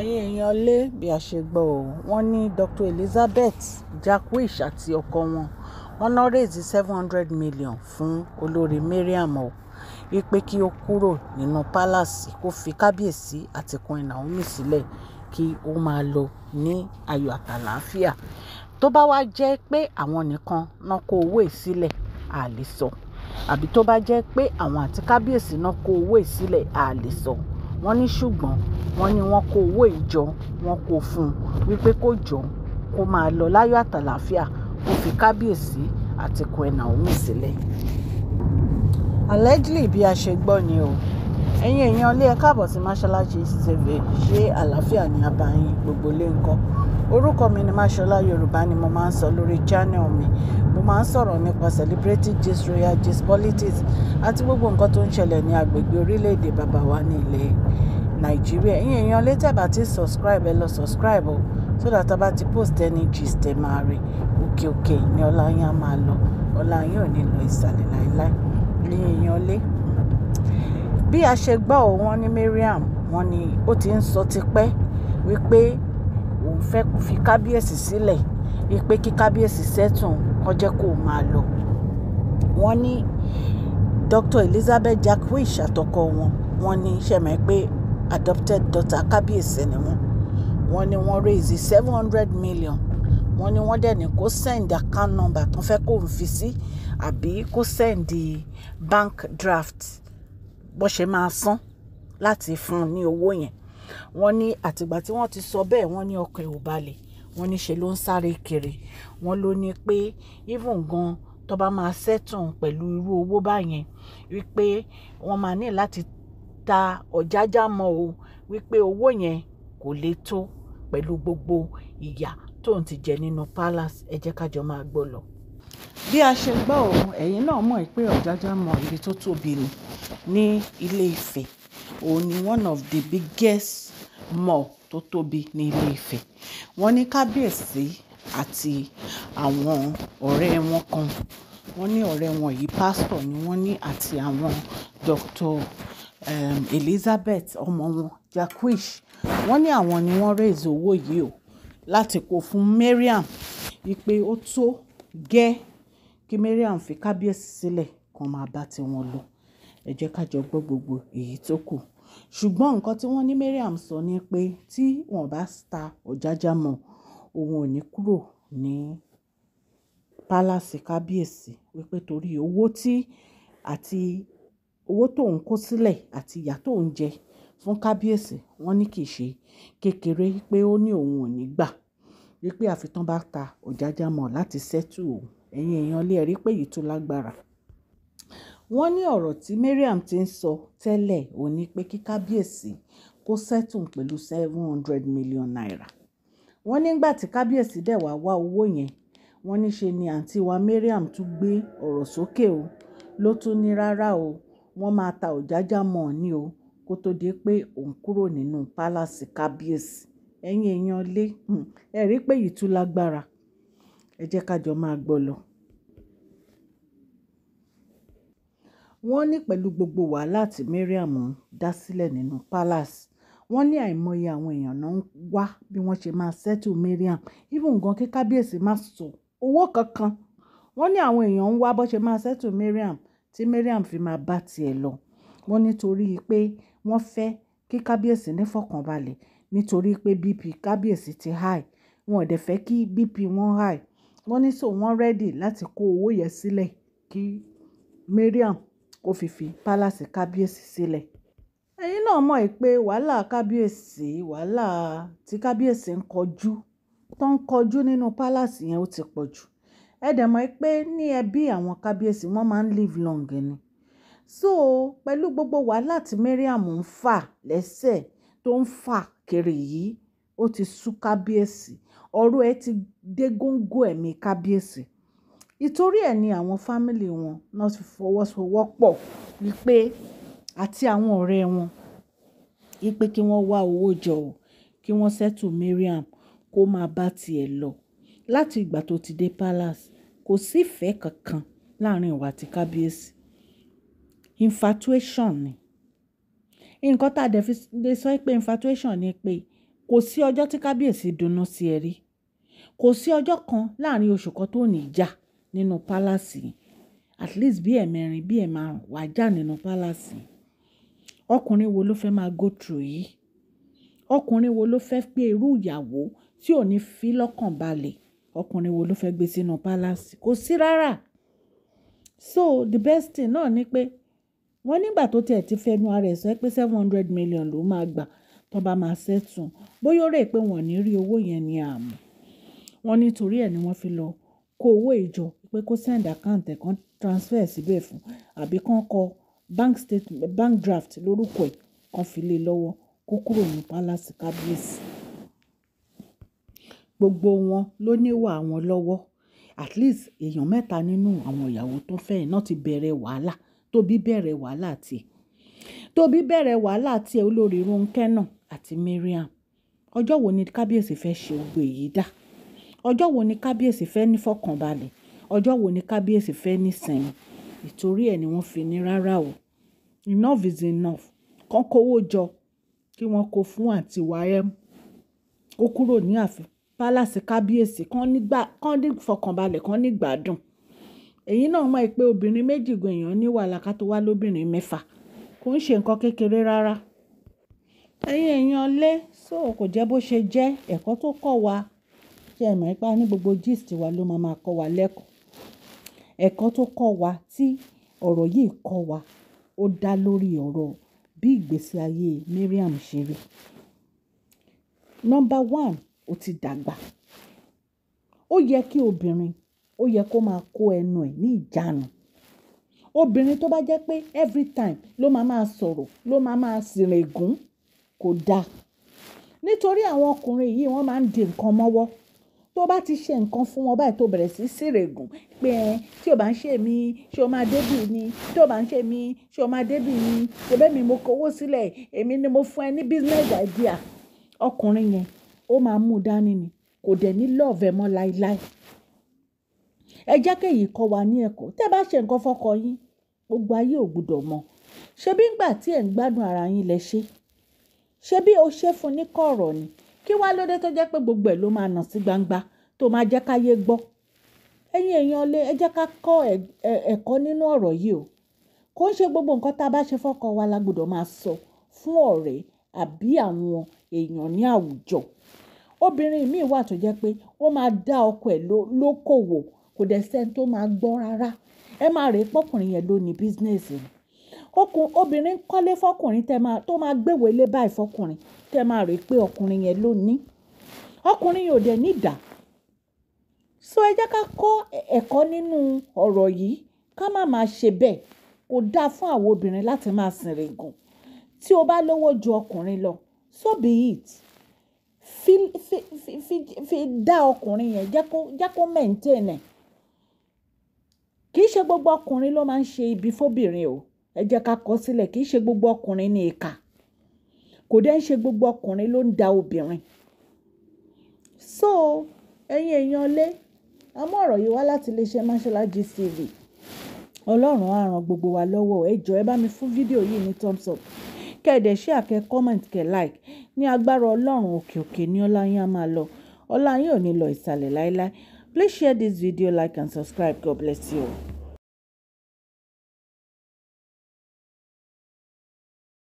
ẹ̀yin èèyàn ilé bí a ṣe gbọ́ ọ wọ́n ní dr elizabeth jacquish àti ọkọ wọn wọ́n náà rèézí seven hundred million fún olórí mariam o wípé kí ó kúrò nínú pálásì kó fi kábíyèsí àti queen naomi sílẹ̀ kí ó máa lọ ní ayọ̀ àtàlàáfíà tó bá wá jẹ́ pé àwọn nìkan náà kó owó ìsílẹ̀ a lè sọ àbí tó bá jẹ́ pé àwọn àti kábíyèsí náà kó owó ìsílẹ̀ a lè sọ. Wọ́n ní ṣùgbọ́n wọ́n ní wọ́n kó owó yìí jọ, wọ́n kó fún un wípé kó jọ kó máa lọ láyọ̀ àtàlàáfíà kó fi kábíyèsí àti Queen Naomi sílẹ̀. Allegedly bí a ṣe gbọ́ ni o. Ẹ̀yin èèyàn ilé ẹ káàbọ̀ sí Mashola Gist Ṣé àlàáfíà ni a bá yín gbogbo lé ńkọ́? Orúkọ mi ni Mashola Yorùbá ni mo máa ń sọ lórí channel mi mo máa ń sọ̀rọ̀ nípa celebrating gist royal gist politics àti gbogbo nǹkan tó ń ṣẹlẹ̀ ní agbègbè orílẹ̀-èdè bàbá wa ní ilẹ̀ nàìjíríà ẹ̀yin èèyàn létí àbá ti subscribe ẹ lọ subscribe o so that a bá ti post ẹni gist ẹ máa rí òkè òkè ni ọlá yín á máa lọ ọlá yín ò ní lọ ìsàlẹ̀ láéláé ẹ̀yin èèyàn lé bí a ṣe gbọ́ ò wọ́n ní Mariam wọ́n ní ó ti ń sọ tipẹ́ wípé òun fẹ́ fi kábíyèsí sílẹ̀ wípé kí kábíyèsí sẹ́tùn kàn jẹ́ kó máa lọ. Wọ́n ní Dr. Elizabeth Jacquish àtọkọ wọn, wọ́n ní ṣẹ̀ pé adopted daughter kábíyèsí ni wọ́n. Wọ́n ní wọ́n raise seven hundred million. Wọ́n ní wọ́n dẹ̀ ní kó send account number tó fẹ́ kó ń fi sí àbí kó send bank draft bó ṣe máa san láti fún un ní owó yẹn. Wọ́n ní àtìgbà tí wọ́n ti sọ bẹ́ẹ̀ wọ́n ní ọkàn ò wọ́n ní ṣe ló ń sáré kiri wọ́n ló ní pé even gan tó bá máa settle pẹ̀lú irú owó báyẹn wípé wọ́n máa ní láti ta ọ̀jájá mọ́ o wípé owó yẹn kò lè tó pẹ̀lú gbogbo ìyà tó ń ti jẹ nínú palace ẹ jẹ́ kájọ máa gbọ́ lọ. bí a ṣe gbọ́ òun ẹ̀yin náà mọ̀ pé ọ̀jájá mọ ibi tó tóbi ni ní Ilé Ifẹ̀ òun ni one of the biggest mall tó tóbi ní ilé Ifẹ̀ wọ́n ní kábíyèsí àti àwọn ọ̀rẹ́ wọn kan wọ́n ní ọ̀rẹ́ wọn yìí pásítọ̀ ni wọ́n ní àti àwọn Dr. um, Elizabeth ọmọ wọn Jacquish wọ́n ní àwọn ni wọ́n raise owó yìí o láti kó fún Mariam wípé ó tó gẹ́ kí Mariam fi kábíyèsí sílẹ̀ kan máa bá tiwọn lọ ẹ jẹ́ ká jọ gbọ́ gbogbo èyí tó kù. Ṣùgbọ́n nǹkan tí wọ́n ní Mariam sọ ni pé tí wọ́n bá ta Ọ̀jájá mọ́, òun ò ní kúrò ní palace kábíyèsí wípé torí owó tí àti owó tó ń kó sílẹ̀ àti ìyà tó ń jẹ fún kábíyèsí, wọ́n ní kì ṣe kékeré pé ó ní òun ò ní gbà wípé àfi bá ta Ọ̀jájá mọ́ láti settle òun. Ẹ̀yin èèyàn ilé ẹ pé èyí tó lágbára wọ́n ní ọ̀rọ̀ tí Mariam ti ń sọ tẹ́lẹ̀ ò ní pé kí kábíyèsí kó settle pẹ̀lú seven hundred million naira wọ́n nígbà tí kábíyèsí dẹ̀ wá wá owó yẹn wọ́n ní ṣe ni àǹtí wa Mariam tún gbé ọ̀rọ̀ sókè o ló tún ní rárá o wọ́n máa ta òjájá mọ́ ọ ní o kó tó di pé òun kúrò nínú pálásì kábíyèsí ẹ̀yin èèyàn lé hmm, ẹ pé yìí lágbára ẹ jẹ́ ká máa gbọ́ lọ. wọ́n ní pẹ̀lú gbogbo wàhálà tí mariam dá sílẹ̀ nínú palace wọ́n ní àìmọye àwọn èèyàn náà ń wá bí wọ́n ṣe máa settle mariam even gan kí kábíyèsí má sọ owó kankan wọ́n ní àwọn èèyàn ń wá bó ṣe máa settle mariam tí mariam fi máa bá tiẹ̀ lọ wọ́n nítorí pé wọ́n fẹ́ kí kábíyèsí nífọ̀kànbalẹ̀ nítorí pé bp kábíyèsí ti high wọn ò dẹ̀ fẹ́ kí bp wọn high wọ́n ní so wọ́n rẹ́dì láti kó owó yẹn sílẹ̀ kí mariam kó fi fi pálásì kábíyèsí sílẹ̀. ẹ̀yin náà mọ̀ pé wàhálà kábíyèsí wàhálà tí kábíyèsí ń kọjú tó ń kọjú nínú pálásì yẹn ó ti pọ̀ jù ẹ dẹ̀ mọ̀ pé ní ẹbí àwọn kábíyèsí wọ́n máa ń live long ni so pẹ̀lú gbogbo wàhálà tí Mariam ń fà lẹ́sẹ̀ tó ń fà kiri yìí ó ti sú kábíyèsí ọ̀rọ̀ ẹ ti dé góńgó ẹ̀mí kábíyèsí Nítorí ẹ̀ ni àwọn fámílì wọn náà ti fọwọ́sowọ́pọ̀ wípé àti àwọn ọ̀rẹ́ wọn wípé kí wọ́n wá owó jọ o, kí wọ́n settle Mariam kó máa bá ti ẹ̀ lọ. Láti ìgbà tó ti dé palace, kò sí ìfẹ́ kankan láàárín òun àti kábíyèsí. Infatuation ni. Ǹkan táa dẹ̀ fi lè sọ pé infatuation ni pé kò sí ọjọ́ tí kábíyèsí dunú sí ẹ rí. Kò sí ọjọ́ kan láàárín oṣù kan tó ní ìjà nínú pálásì at least bí ẹ̀mẹrin bí ẹ̀ máa wà já nínú pálásì ọkùnrin wo ló fẹ́ máa go through yìí ọkùnrin wo ló fẹ́ pé irú ìyàwó tí ò ní fi lọ́kàn balẹ̀ ọkùnrin wo ló fẹ́ gbé sínú pálásì kò sí rárá so the best thing náà ni pé wọ́n nígbà tó tiẹ̀ ti fẹnu ara ẹ̀ sọ pé seven hundred million ló máa gbà tó bá máa ṣẹ́tùn bóyá ó rè pé wọ́n ní rí owó yẹn ní àmọ́ wọ́n nítorí ẹ̀ ni wọ́n fi lọ kó owó ìjọ pé kó send account ẹ̀ kan transfer síbẹ̀ fún àbí kan kọ bank statement bank draft lórúkọ ẹ̀ kan fi lé lọ́wọ́ kó kúrò ní palace kábíyèsí. Gbogbo wọn ló níwà wọn lọ́wọ́. At least èèyàn mẹ́ta nínú àwọn ìyàwó tó fẹ́ ẹ náà ti bẹ̀rẹ̀ wàhálà. Tóbi bẹ̀rẹ̀ wàhálà tiẹ̀. Tóbi bẹ̀rẹ̀ wàhálà tiẹ̀ olórí Ronkẹ́ náà àti Mariam. Ọjọ́ wo ni kábíyèsí fẹ́ ṣe gbogbo èyí dá? Ọjọ́ wo ni kábíyèsí fẹ́ ní fọkànbalẹ̀? ọjọ́ wo ni kábíyèsí fẹ́ nísìnyí ìtorí ẹ̀ ni wọ́n fi ní rárá o enough is enough kán kówó jọ kí wọ́n kó fún àǹtí wáyẹ́mù ó kúrò ní ààfin pálásì kábíyèsí kán ní fọkànbalẹ̀ kán ní gbádùn èyí náà mọ̀ pé obìnrin méjì gbèyàn ní wàhálà ká tó wá lóbìnrin mẹ́fà kò ń ṣe nǹkan kékeré rárá ẹ̀yin èèyàn lé so kò jẹ́ bó ṣe jẹ́ ẹ̀kọ́ tó kọ́ wa ṣe é mọ̀ ipá ní gbogbo gist wa ló máa máa kọ́ wa lẹ́kọ̀ọ́ Ẹ̀kọ́ tó kọ́ wa tí ọ̀rọ̀ yìí kọ́ wa ó dá lórí ọ̀rọ̀ bí ìgbésí ayé Miriam ṣe rí. Number one, ó ti dàgbà. Ó yẹ kí obìnrin, ó yẹ kó máa kó ẹnu ẹ̀ ní ìjánu. Obìnrin tó bá jẹ́ pé every time ló máa máa sọ̀rọ̀, ló máa máa sìrìn ègún kò da. Nítorí àwọn ọkùnrin yìí wọ́n máa ń di nǹkan mọ́wọ́ tó bá ti ṣe nǹkan fún wọn báyìí tó bẹ̀rẹ̀ sí sírègùn pé ẹ tí o bá ń ṣe mí ṣé o máa débì ni tí o bá ń ṣe mí ṣé o máa débì ni ṣebẹ́ mi mo kówó sílẹ̀ èmi ni mo fún ẹ ní business idea ọkùnrin yẹn ó máa mú dání ni kò dẹ̀ ní love ẹ mọ́ láéláé ẹ jẹ́ kéyìí kọ́ wa ní ẹ̀kọ́ tẹ́ bá ṣe nǹkan fọ́kọ yín gbogbo ayé ò gbúdọ̀ mọ̀ ṣebí ńgbà tí ẹ̀ ń gbádùn ara yín lẹ ṣe ṣebí o ṣe fún ní kọ̀ọ̀rọ̀ ni kí wá lóde tó jẹ́ pé gbogbo ẹ̀ ló máa nà sí gbangba tó máa jẹ́ yé gbọ́ ẹ̀yin èèyàn lé ẹ jẹ́ ká kọ́ nínú ọ̀rọ̀ yìí o kò ń ṣe gbogbo nǹkan tá a bá ṣe fọ́kọ wa la gbọ́dọ̀ máa sọ fún ọ̀rẹ́ àbí àwọn èèyàn ní àwùjọ obìnrin míì wà tó jẹ́ pé ó máa dá ọkọ ẹ̀ lókòwò kò dẹ̀ sẹ́ni tó máa gbọ́ yẹn ọkùn obìnrin kọ́lé fọkùnrin tẹ máa tó máa gbéwò ilé báyìí fọkùnrin tẹ máa rè pé ọkùnrin yẹn ló ní ọkùnrin yóò dẹ̀ nídà so ẹ jẹ́ ká kọ́ ẹ̀kọ́ nínú ọ̀rọ̀ yìí ká má máa ṣe bẹ́ẹ̀ kò dáa fún àwọn obìnrin láti máa sìnrìn gùn tí o bá lówó ju ọkùnrin lọ so be it fi fi fi fi dá ọkùnrin yẹn jẹ́ kó jẹ́ kó maintain ẹ̀ kì í ṣe gbogbo ọkùnrin ló máa ń ṣe ibi fóbìnrin o ẹ jẹ́ ká kọ sílẹ̀ kì í ṣe gbogbo ọkùnrin ní ìkà kò dẹ́ ń ṣe gbogbo ọkùnrin ló ń da obìnrin so ẹ̀yin èèyàn lé àmọ́ ọ̀rọ̀ yìí wá láti iléeṣẹ́ Mashola Gist TV ọlọ́run á ràn gbogbo wa lọ́wọ́ ẹ jọ̀ọ́ ẹ bá mi fún fídíò yìí ní thumbs up kẹ́ẹ̀dẹ̀ ṣé àkẹ́ comment kẹ́ like ní agbára ọlọ́run òkè òkè ní ọlá yín á máa lọ ọlá yín ò ní lọ ìsàlẹ̀ láéláé please share this video like and subscribe god bless you.